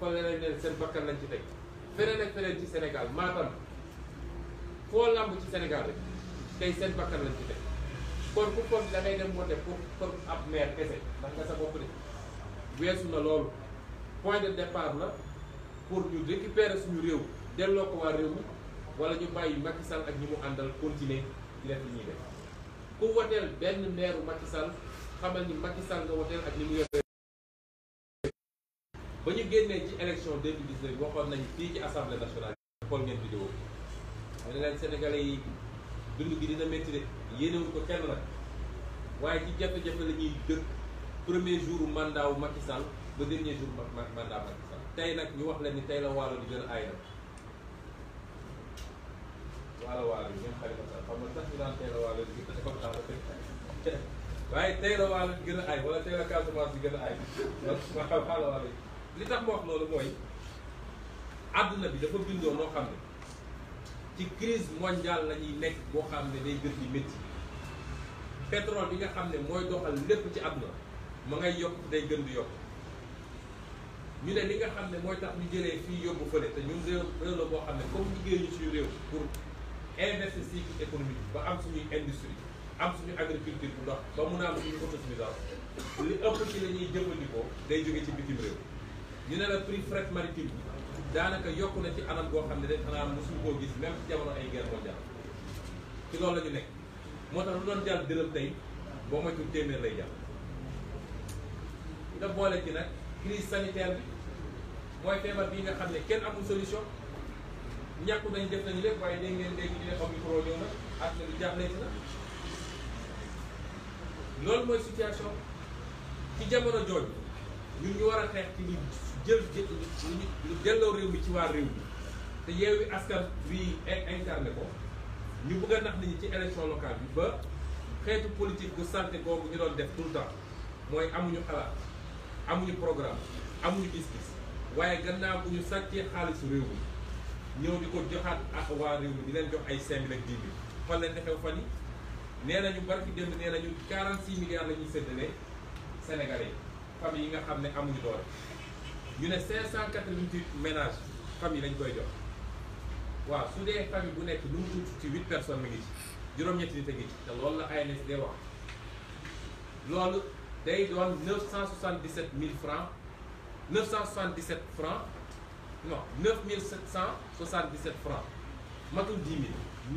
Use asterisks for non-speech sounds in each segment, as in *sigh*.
fale nañ leen seen bakkan lañ ci teg feneen ak feneen ci Sénégal Matam foo làmb ci senegal rek tey seen bakkan lañ ci teg kon ku kon da ngay dem wote pour comme ab maire kese ndax nga sa bopp de weesu na loolu point de départ la pour ñu récupérer suñu réew delloo ko waa réew mi wala ñu bàyyi Macky Sall ak ñi mu àndal continuer di def li ñuy ku woteel benn maire Macky xamal ni Macky nga woteel ak ni mu yore ba ñu génnee ci élection 2019 waxoon nañ fii ci assemblée nationale xool ngeen vidéo bi ne leen sénégalais yi gi dina métti de yéenewuñ ko kenn nag waaye ci jafe-jafe la ñuy dëkk premier jour mandat wu ba dernier jour mandat Macky tey nag ñu wax leen ni tey la waalo di gën a aay waalo waalo yi gën a *laughs* waaye tey waalo a aay wala tey la Casamance di gën a aay *laughs* waalo waalo yi li tax ma wax loolu mooy àdduna bi dafa bindoo noo xam ne ci crise mondiale la ñuy nekk boo xam ne day gën di métti pétrole bi nga xam ne mooy doxal lépp ci àdduna ma ngay yokk day gën di yokk ñu ne li nga xam ne mooy tax ñu jëlee fii yóbbu fële te ñun réew réew la boo xam ne comme liggéey ñu suñu réew pour investir cycle économique ba am suñuy industrie am suñu agriculture bu ndox ba mun a am suñu autosuffisance li ëpp ci la ñuy jëfandikoo day jóge ci bitim ñu ne la prix fret maritime bi daanaka yokku na ci anam boo xam ne de xanaa mosuñu koo gis même ci jamono ay guerre mondiale ci lool la ñu nekk moo tax lu doon jàll dërëm tey boo moytuwul téeméer lay jàll. nga boole ci nag crise sanitaire bi mooy feebar bii nga xam ne kenn amul solution ñàkku nañ dem nañu lépp waaye dégg ngeen léegi ñu ne Omicron ñëw na ak na lu jaaxleeti na loolu mooy situation ci jamono jooju. ñun ñu war a xeex ci ñu jël ñu delloo réew mi ci waa réew mi te yeewi askan bi incarné ko ñu bëgg a nax nit ñi ci élection locale bi ba xeetu politique gu sante googu ñu doon def tout le mooy amuñu xalaat amuñu programme amuñu gis-gis waaye gannaaw bu ñu sàccee xaalisu réew mi ñëw di ko joxaat ak waa réew mi di leen jox ay 5 mille ak 10 mille fan leen defew fan yi nee nañu barki démb nee nañu 46 milliards la ñuy séddale Sénégalais famille yi nga xam ne amuñu doole ñu ne 588 ménages famille lañ koy jox waaw su dee famille bu nekk lu mu tuuti ci huit personnes mi ngi ci juróom-ñetti nit a ngi ci te loolu la ANSD wax loolu day doon 977 000 francs 977 francs non 9777 francs matul 10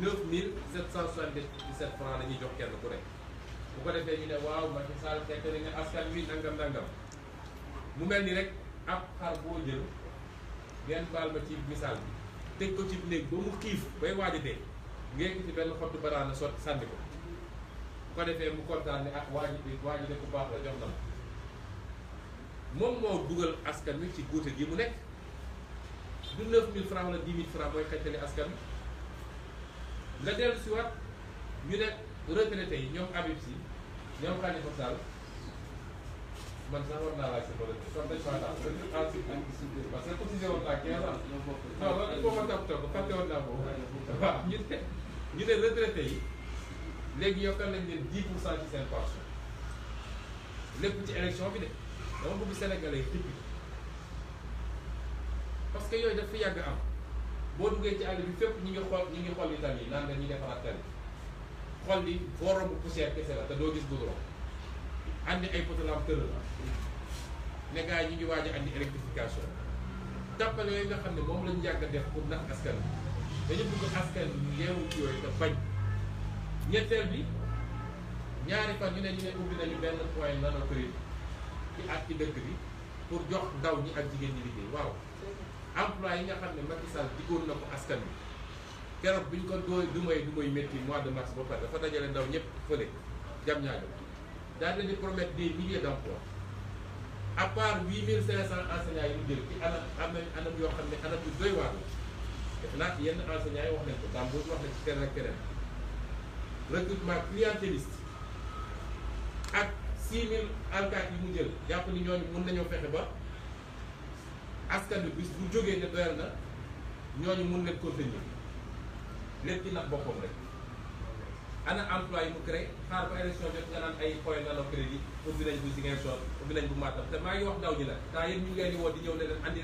000 9777 francs la ñuy jox kenn ku rek bu ko defee ñu ne waaw Macky Sall fekk na nga askan wi nangam nangam mu mel ni rek ab xar boo jël ngeen baal ma ci misaal bi teg ko ci néeg ba mu xiif bay waaj a dee ngeen ci benn xottu banaana sotti sànni ko bu ko defee mu kontaan ne ak ah waaj de ku baax la jox na moom moo dugal askan wi ci guute gi mu nekk du 9000 francs wala 10 000 francs mooy xettali askan wi nga dellu si waat ñu ne. retraité yi ñoom Habib Sy ñoom Khalifa Sall man sax man naa laaj sa borom kon dañ faa laaj ba ñun ànd si ànd si parce que cotisé woon naa 15 ans. non ko. waaw ñu ne ñu ne retraité yi léegi yokkal nañ leen 10 pour cent ci seen pension lépp ci élection bi de dama bëgg Sénégalais yi dëkk parce que yooyu dafa yàgg am boo duggee ci àll bi fépp ñi ngi xool ñi ngi xool yu tali yi naan la xol yi foo romb poussière kese la te doo gis goudron andi ay poto lampe tëral ne gars yi ñu ngi waaj a andi électrification yooyu nga xam ne moom lañu yàgg def pour nax askan bi dañu bëgg askan bi yeewu ci yooyu te bañ ñetteel bi ñaari fan yu ne ñu ne ubbi nañu benn point nanoprix ci at ci dëkk bi pour jox daw ñi ak jigéen ñi liggéey waaw emploi yi nga xam ne Macky Sall diggoon na ko askan bi keroog bi ñu ko doo du may du may métti mois de mars ba pare dafa dajale ndaw ñëpp fële jam ñaajo daal dañu promettre des milliers d'emplois à part huit mille cinq cent enseignants yi mu jël ci anam am nañ anam yoo xam ne anam yu doy waar la naa ci yenn enseignants yi wax nañ ko dàmbooj wax nañ ci keneen ak keneen yi mu jël jàpp ni ñooñu mën nañoo fexe ba askan bi bis bu jógee ne doyal na ñooñu mën leen continuer lépp ci nax boppam rek ana emploi yi mu créé xaar ba élection jot nga naan ay point nano crédit ubbi nañ bu Ziguinchor ubbi nañ bu Matam te maa ngi wax ndaw ñi la temps yëpp ñu ngi leen di ñëw ne leen andi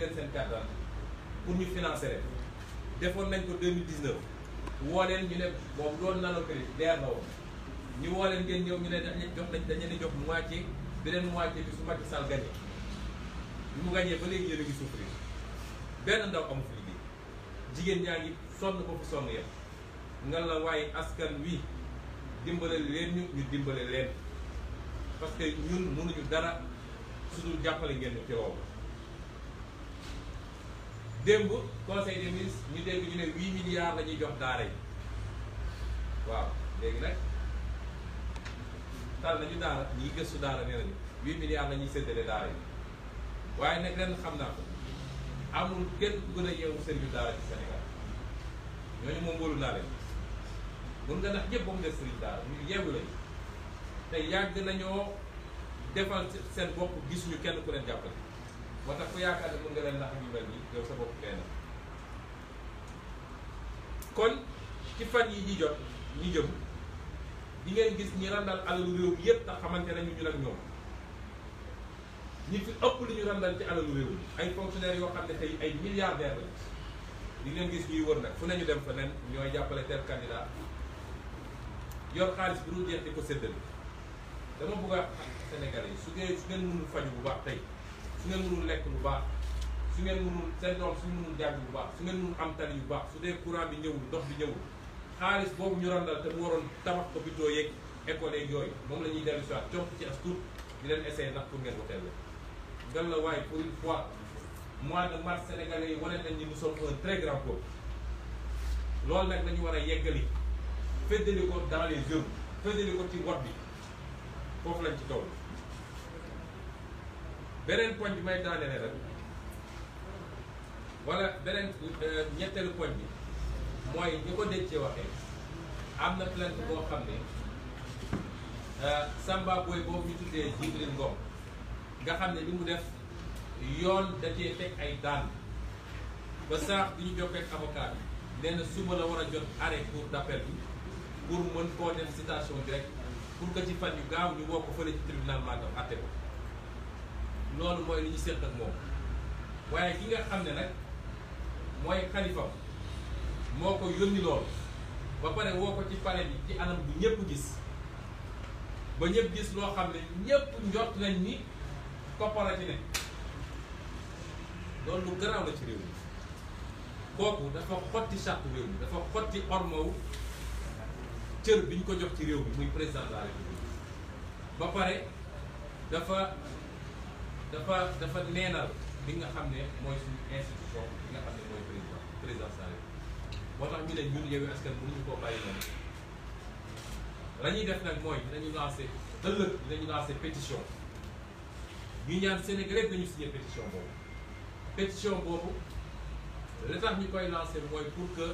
pour ñu financer leen defoon nañ ko 2019 woo leen ñu ne boobu doon nano crédit leer na woon ñu woo leen ngeen ñëw ñu ne dañ jox nañ dañ leen jox moitié beneen moitié bi su Macky Sall gagné bi mu gagné ba léegi yéen a ngi souffrir benn ndaw amu fi liggéey jigéen ñaa ngi sonn ba fu sonn yem nga la waaye askan wi dimbale leen ñu ñu dimbale leen parce que ñun mënuñu dara suñu jàppale ngeen ci loolu démb conseil ñu dégg ñu ne huit milliards la ñuy jox daara yi waaw léegi nag tal nañu daara ñi gëstu daara nee nañu huit milliards la ñuy séddale daara yi waaye nag ren xam naa ko amul kenn ku gën a yeewu sëriñu daara ci Sénégal ñooñu moom wóolu naa leen mun nga nax ñëpp ba mu def sëriñ daara ñu yeewu lañu te yàgg nañoo defal seen bopp gisuñu kenn ku leen jàppale moo tax ku yaakaar mun nga leen nax ñu mel nii yow sa bopp benn kon ci fan yi ñi jot ñi jëm di leen gis ñi randal alalu réew yépp ndax xamante nañu ñu nag ñoom ñi fi ëpp li ñu randal ci alalu réew mi ay fonctionnaires yoo xam ne tey ay milliardaires la di ngeen gis ñuy wër nag fu nañu dem fa nen ñooy jàppale tel candidat yor xaalis bi dul jeex di ko séddale dama bëgg a Sénégalais yi su dee su ngeen mënul faju bu baax tey su ngeen mënul lekk lu baax su ngeen mënul seen doom su mënul jàng bu baax su ngeen mënul am tali yu baax su dee courant bi ñëwul ndox bi ñëwul xaalis boobu ñu randal te mu waroon tabax hôpitaux yeeg école yeeg yooyu moom la ñuy dellu si waat ci as tuut di leen essayé ndax pour ngeen woteel la gan la waaye pour une fois mois de mars sénégalais yi wane nañ ni nous sommes un très loolu nag lañu war a yeggali féddali ko dans les œuvres ko ci wot bi foofu lañ ci toll beneen point bi may daane ne rek wala beneen euh, ñetteelu point bi mooy ñu ko dencee waxee am na plainte boo xam ne euh, Samba boobu ñu tuddee Djibril Ngom nga xam ne li mu def yoon da cee teg ay daan ba saax bi ñu jokkee avocat bi nee suba la war a jot arrêt cour d'appel bi pour mën koo def citation directe pour que ci fan yu gaaw ñu woo ko fële ci tribunal Matam àtte ko loolu mooy li ñu seet ak moom waaye ki nga xam ne nag mooy xalifam moo ko yónni loolu ba pare woo ko ci pare bi ci anam bu ñëpp gis ba ñëpp gis loo xam ne ñëpp njort nañ ni koppara ci ne loolu lu garaaw la ci réew mi kooku dafa xotti charte réew mi dafa xotti ormo cër bi ñu ko jox ci réew mi muy président de la république ba pare dafa dafa dafa neenal bi nga xam ne mooy suñu institution li nga xam ne mooy président président de la république moo tax ñu ne ñun Yewwi Askan Wi mënuñu koo pétition ñu ñaan Sénégalais dañu signé pétition boobu pétition boobu li tax ñu koy lancer mooy pour que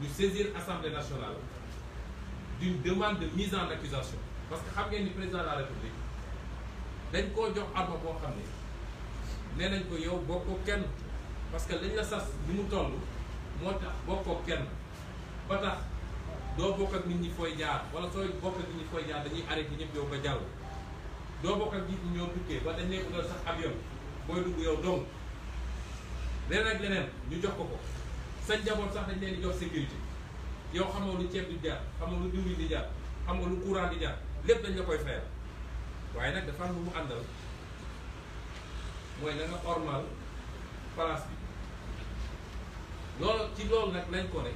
ñu saisir assemblée nationale. d'une demande de mise en accusation parce que xam ngeen ni président de la république dañ koo jox arme boo xam ne nee nañ ko yow bokkoo kenn parce que lañ la sas bi mu toll moo tax bokkoo kenn ba tax doo bokk ak nit ñi fooy jaar wala sooy bokk ak nit ñi fooy jaar dañuy arrêté ñëpp yow ko jàll doo bokk ak nit ñi ñoo tukkee ba dañ lay utal sax avion booy dugg yow dong leneen ak leneen ñu jox ko ko sa njaboot sax dañ leen di jox sécurité yow xamoo lu ceeb jar xamoo lu diwlin di jar xam nga lu courant di lépp dañ la koy fayal waaye nag dafa am lu mu àndal bi loolu ci loolu nag lañ ko ne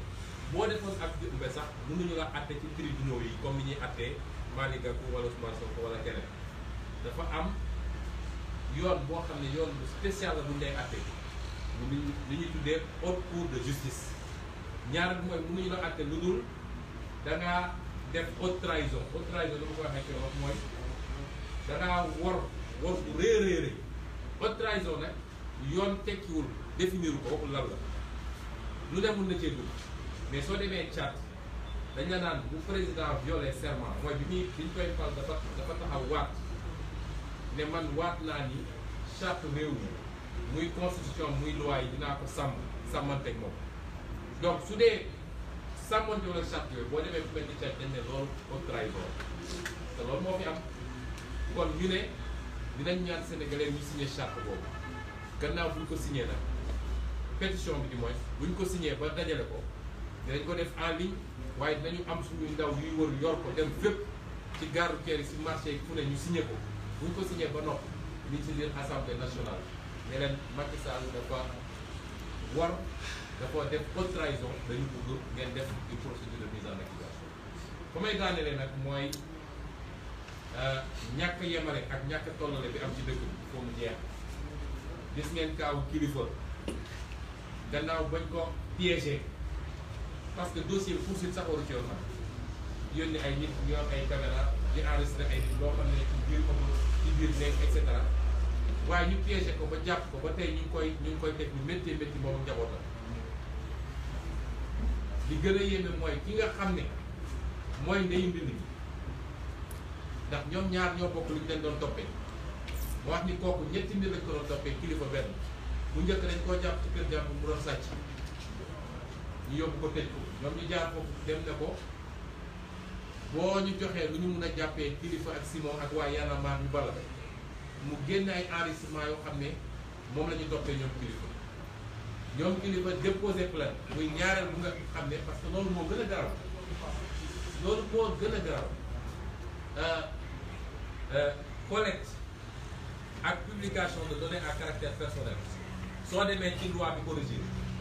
boo ak sax mënuñu la atte ci yi comme ni ñuy attee Malick Gakou wala Ousmane Sonko wala keneen dafa am yoon boo xam ne yoon bu spécial la bu ñu lay atte lu ñuy tuddee haute cour de justice ñaar bi mooy mënuñu la àtte lu dul da ngaa def haute trahison haute wor wor bu rëy a rëy haute trahison nag yoon tekkiwul définir ko waxul lan la lu demul na cee dugg mais soo demee Tchad dañ la naan bu président violé serment mooy bi muy bi koy fal dafa dafa taxaw waat ne man waat naa ni charte réew mi muy constitution muy loi yi dinaa ko sàmm sàmmanteeg moom. donc su dee sàmmoon joola charte yooyu boo demee fu mel ni Tchad dañ ne loolu haute trahison te loolu moo fi am kon ñu ne dinañ ñaan sénégalais ñu signé charte boobu gannaaw buñ ko signé nag pétition bi du moins buñ ko signé ba dajale ko dinañ ko def en ligne waaye dinañu am suñuy ndaw yuy wër yor ko dem fépp ci gare routière yi si marché yi fu ne ñu signé ko buñ ko signé ba noppi liñ ci biir assemblée nationale ne leen Macky Sall dafa war dafoo def haute trahison dañu bëgg ngeen def une procédure de mise en accusation fu may daanelee nag mooy euh, ñàkk yemale ak ñàkk tollale bi am ci dëkk bi foo mu jeex gis ngeen kaaw kilifa gannaaw bañ ko piégé parce que dossier si sax waru ci yoon sax yónni ay nit ñu am ay caméra di enregistré ay nit loo xam ne ci biir ko ci biir nekk et cetera waaye ñu piégé ko ba jàpp ko ba tey ñu ngi koy ñu ngi koy teg lu métti métti boobu njabootam li gën a yéeme mooy ki nga xam ne mooy ndeyu mbind mi ndax ñoom ñaar ñoo bokk lu ñu leen doon toppee moo wax ni kooku ñetti mbir lañ ko doon toppee kilifa benn bu njëkk dañ koo jàpp ci kër jàpp mu doon sàcc ñu yóbbu ko tëj ko ñoom ñu jaar foofu dem ne ko boo ñu joxee lu ñu mun a jàppee kilifa ak Simon ak waa Yann Amar ñu bala mu génne ay enregistrement yoo xam ne moom lañu ñu toppee ñoom kilifa. ñoom kilifa déposé plainte muy ñaareel bu nga xam ne parce que loolu moo gën a garaaw loolu moo gën a garaaw euh, euh, collecte ak publication de données à caractère personnel soo demee ci loi bi corrigé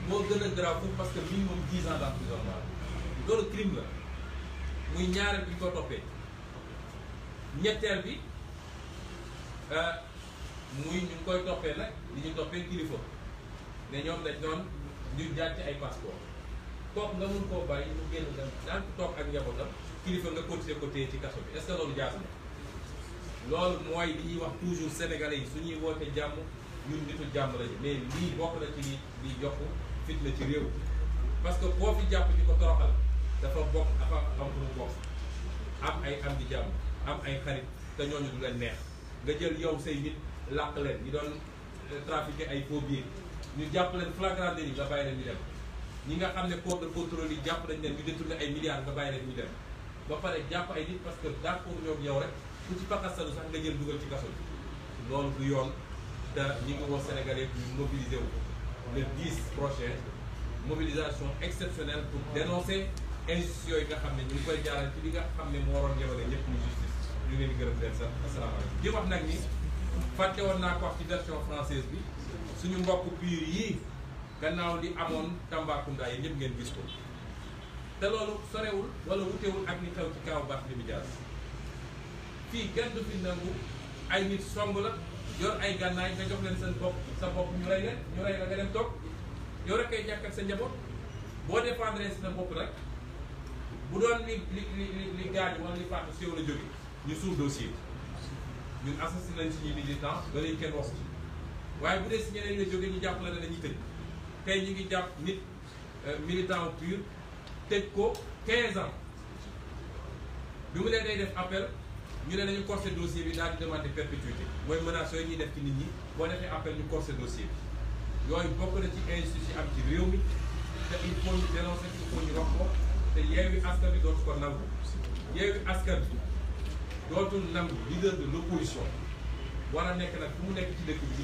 moo gën a garaaw pour parce que minimum dix ans d'emprisonnement loolu crime la muy ñaareel bi ñu ko toppee ñetteel bi euh, muy ñu ngi koy toppee nag li ñu toppee kilifa. ne ñoom dañ doon ñu jaar ay passeport kooku nga mun koo bàyyi mu génn dem daan toog ak njabootam kilifa nga continuer ko téye ci kaso bi est-ce loolu jaas loolu mooy li ñuy wax toujours sénégalais yi su ñuy woote jàmm ñun nitu jàmm lañu mais lii bokk la ci li li jox la ci réew parce que boo fi jàpp ci ko toroxal dafa bokk dafa am fu mu bokk am ay am di jàmm am ay xarit te ñooñu du leen neex nga jël yow say nit làq leen ñi doon euh, trafiqué ay faux billets ñu jàpp leen flagrant délit nga bàyyi leen ñu dem ñi nga xam ne corps de contrôle yi jàpp nañ leen ñu détourné ay milliards nga bàyyi leen ñu dem ba pare jàpp ay nit parce que d'accord ñëw yow rek ku ci pakasanu sax nga jël dugal ci kaso bi loolu bu yoon te ñi ngi woo sénégalais ñu mobilisé wu le 10 prochain mobilisation exceptionnelle pour dénoncer injustice yooyu nga xam ne ñu ngi koy jaaral ci li nga xam ne moo waroon yemale ñëpp muy justice ñu ngi leen di gërëm leen sax asalaamaaleykum di wax nag ni woon naa ko wax ci bi suñu mbokk pur yii gannaaw li amoon Tambacounda yi ñëpp ngeen gis ko te loolu sorewul wala wutewul ak ni xew ci kaaw baax li mu jaar fii kenn du fi nangu ay nit song la yor ay gànnaay nga jox leen seen bopp sa bopp ñu rey leen ñu rey la nga dem toog yow rek kay jàkk sa njaboot boo dépendre sa bopp rek bu doon li li li li gaañu wala li faatu si yow la jóge ñu suul dossier ñun assassiné nañ ci ñi militant ba léegi kenn wax ci waaye bu dee si ñeneen nga jóge ñu jàpp la ne dañuy tëj tey ñu ngi jàpp nit euh, militant pur tëj ko 15 ans bi mu leen day def appel ñu ne dañu corsé dossier bi daal di demandé mooy menace yooyu ñuy def ci nit ñi boo defee appel ñu corsé dossier bi yooyu bokk na ci injustice am ci réew mi te il faut ñu dénoncer il faut ñu wax ko te yeewi askan bi dootu ko nangu yeewi askan bi dootul nangu leader de l'opposition war a nekk nag fu mu nekk ci dëkk bi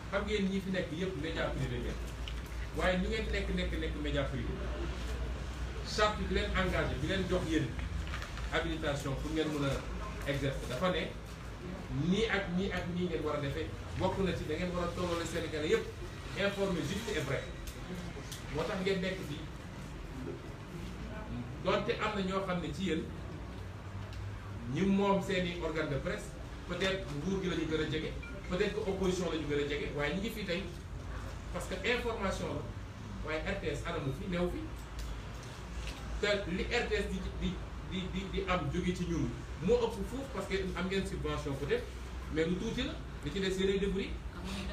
xam ngeen ñi fi nekk yëpp média privé ngeen waaye ñu ngeen nekk nekk nekk média privé charte bi leen engagé bi leen jox yéen habilitation pour ngeen mën a exercer dafa ne nii ak nii ak nii ngeen war a defee bokk na ci da ngeen war a tolloole Sénégalais yëpp informé juste et vrai moo tax ngeen nekk fii donte am na ñoo xam ne ci yéen ñi moom seeni organe de presse peut-être nguur gi la gën a jege. peut-être que opposition la ñu gën a jege waaye ñi ngi fii tey parce que information la waaye RTS anamu fi neew fi te li RTS di di di di di am jóge ci ñun moo ëpp foofu parce que am ngeen subvention peut-être mais lu tuuti ci des yeneen débris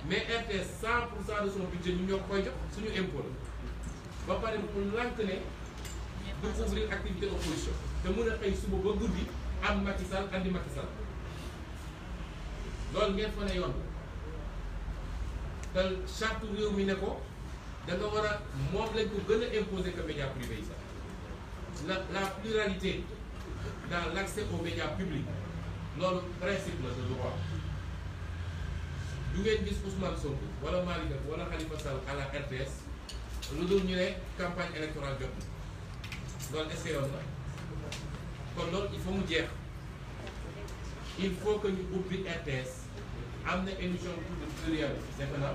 mais RTS 100 pour cent de son budget suñu impôt ba pare mu lànk ne du couvrir activité opposition te mën a xëy suba ba guddi am Macky Sall andi Macky lool ngeen fa ne yoon te charte réew mi ne ko da war a moom lañ ko gën a imposer que média privé yi sax la la pluralité dans l' accès aux médias loolu principe la de droit du ngeen gis Ousmane Sonko wala Malick Gakou wala Khalifa Sall à lu dul ñu ne campagne électorale jot na loolu est yoon la kon loolu il mu jeex. il faut que ñu ubbi RTS am na émission publique plurielle defe naa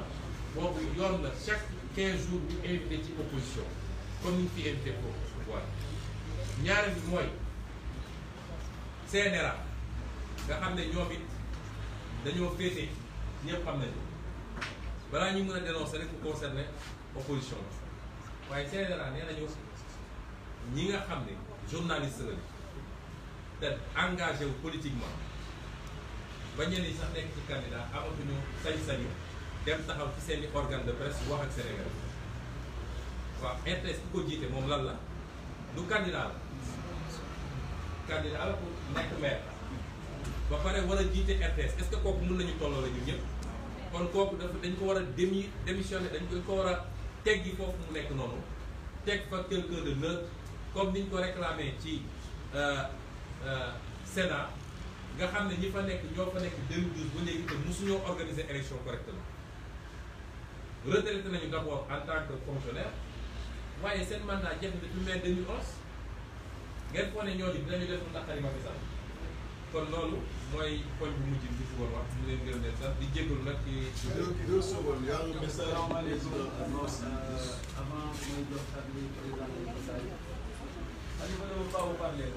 boobu yoon la chaque quinze jours ñu invité ci opposition comme ni ñu fi invité ko pouvoir ñaareel bi mooy CNRA nga xam ne ñoom it dañoo féete ñëpp xam nañu balaa ñu mën a dénoncer rek mu concerner opposition la waaye CNRA nee nañu ñi nga xam ne journaliste lañu te engagé politiquement. ba ñenn ñi sax nekk ci amatuñu sañ-sañu dem taxaw ci seen i organe de presse wax ak Sénégal waaw RTS ku ko jiite moom lan la du candidat la candidat la ku nekk maire ba pare war a jiite RTS est-ce que kooku mun nañu tolloo la ñun ñëpp kon kooku dafa dañ ko war a démi démissionné dañ ko ko war a teggi foofu mu nekk noonu teg fa quelqu'un de neutre comme niñ ko réclamé ci euh, euh, Sénat nga xam ne ñi fa nekk ñoo fa nekk 2012 ba léegi te mosuñoo organiser élection correctement retraité nañu d' abord en tant que fonctionnaire waaye seen mandat jeex na depuis mai 2011 ngeen foog ne ñooñu dinañu def lu naqari Macky Sall kon loolu mooy poñ bu mujj bi fi woon wax ñu leen gërëm leen sax di jégalu nag ci. deux secondes y a un euh,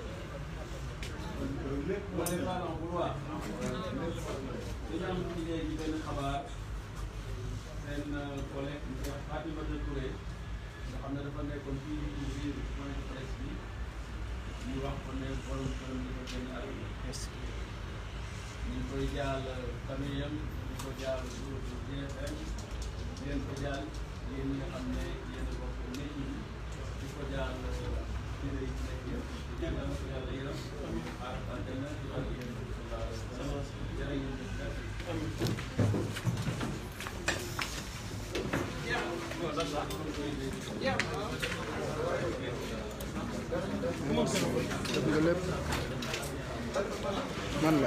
lépp ma ne maa doon vouloir. dañu am ci léegi benn xabaar seen collègue mu wax Fatimata Touré nga xam ne dafa nekkoon fii ci biir point de presse bi ñu wax ko ne borom këram dafa génn àdduna. ñu ngi koy jaal famille am ñu ngi ko jaal groupe GFM di leen ko jaal yéen ñi nga xam ne yéen a bokk nit ñi di ko jaal kii lay nekk yëpp. man la